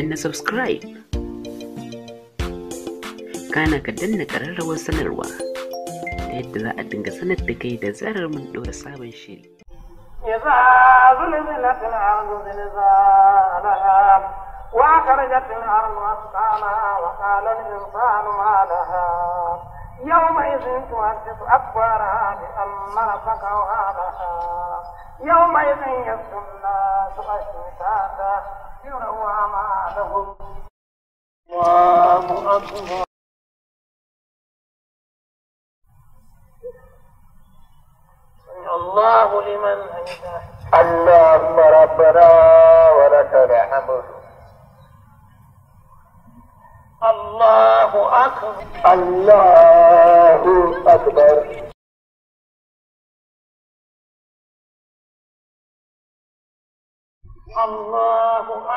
danna subscribe kana ka danna ƙararrawar sanarwa ta yadda za a dinga sanar da kai da zarar mun ɗora sabon shiri إذا زلزلت الأرض زلزالها وأخرجت الأرض أثقالها وقال الإنسان ما لها يومئذ تحدث أخبارها بأن ربك وعدها يومئذ يبدو الناس أشتاتا ويكفروا الله أكبر الله لمن اللهم ربنا ولك الحمد الله أكبر الله أكبر الله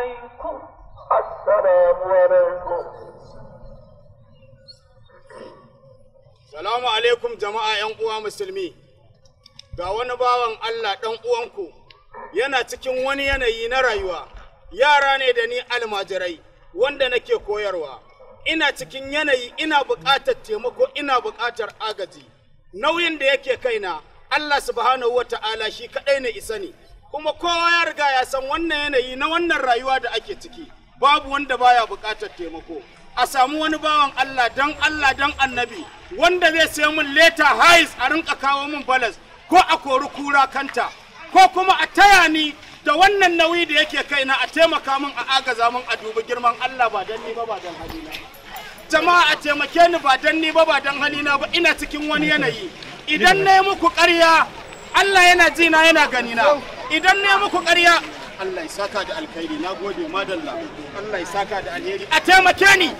عليكم السلام عليكم Salamu alaikum jama'a ‘yan uwa musulmi, ga wani bawan Allah ɗan uwanku yana cikin wani yanayi na rayuwa, yara ne da ni almajirai wanda nake koyarwa, ina cikin yanayi ina buƙatar taimako ina buƙatar agaji, nauyin da yake kaina Allah subhanahu wa ta'ala shi kaɗai na isa ne. kuma kowa ya riga ya san wannan yanayi na wannan rayuwa da ake ciki babu wanda baya buƙatar taimako a samu wani bawan Allah dan Allah dan annabi wanda zai sayo min leta hais a rinka kawo min balas ko a kori kura kanta ko kuma a taya ni da wannan nauyi da yake kaina a taimaka min a agaza min a dubi girman Allah ba dan ni ba ba dan halina jama'a a taimake ni ba dan ni ba ba dan halina ba ina cikin wani yanayi idan na muku ƙarya Allah yana jina, yana ganina. na idan ne muku ƙarya Allah ya saka da alkhairi na gode madalla Allah ya saka da alheri a taimake ni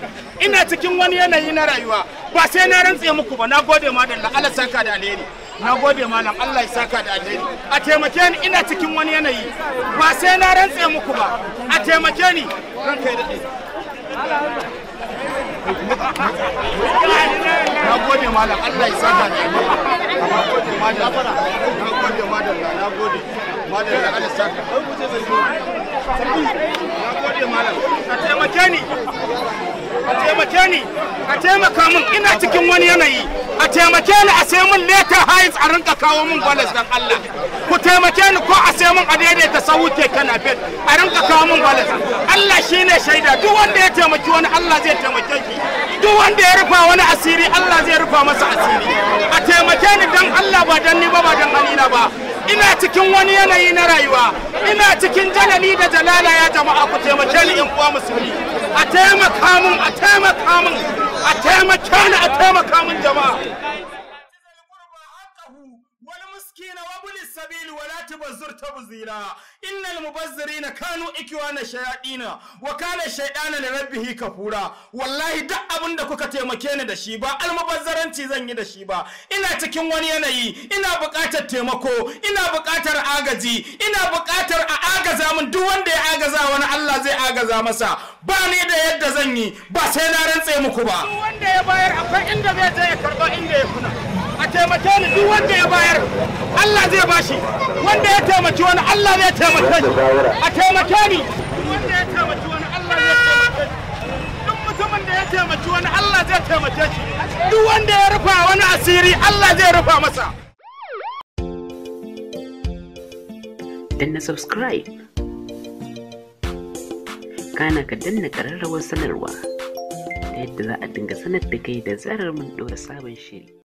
ina cikin wani yanayi na rayuwa ba sai na rantse muku ba na gode madalla Allah ya saka da alheri na gode malam Allah ya saka da alheri a taimake ni ina cikin wani yanayi ba sai na rantse muku ba a taimake ni ran ya dade na gode malam Allah ya saka da alheri na gode madalla na gode madalla na gode taimake ni a taimaka min ina cikin wani yanayi a taimake ni a sai min leta heinz a rinka kawo min gwalas dan Allah ku taimake ni ko a sai min a daidaita sahu keke na bet a rinka kawo min gwalas Allah shine shaida duk wanda ya taimaki wani Allah zai taimake shi duk wanda ya rufa wani asiri Allah zai rufa masa asiri a taimake ni dan Allah ba dan ni ba ba dan Halila ba ina cikin wani yanayi na rayuwa ina cikin jalali da jalala ya jama'a ku taimake ni in uwa musulmi a taimaka mun a taimaka mun a taimaka ni a taimaka mun jama'a السبيل ولا innal mubazzirina kanu ikwana shayadina wa kana shaydana li rabbihi kafura wallahi duk abin da kuka taimake ni da shi ba almubazzaranci zan yi da shi ba ina cikin wani yanayi ina buƙatar taimako ina buƙatar agaji ina buƙatar a agaza min duk wanda ya agaza wani Allah zai agaza masa ba ni da yadda zan yi ba sai na rantse muku ba duk wanda ya bayar akwai inda zai je ya karba inda ya kuna taimake ni duk wanda ya bayar Allah zai bashi wanda ya taimaki wani Allah zai taimake ni a taimake ni wanda ya taimaki wani Allah zai taimake ni duk mutumin da ya taimaki wani Allah zai taimake shi duk wanda ya rufa wani asiri Allah zai rufa masa danna subscribe kana ka danna kararrawar sanarwa ta yadda za a dinga sanar da kai da zarar mun ɗora sabon shiri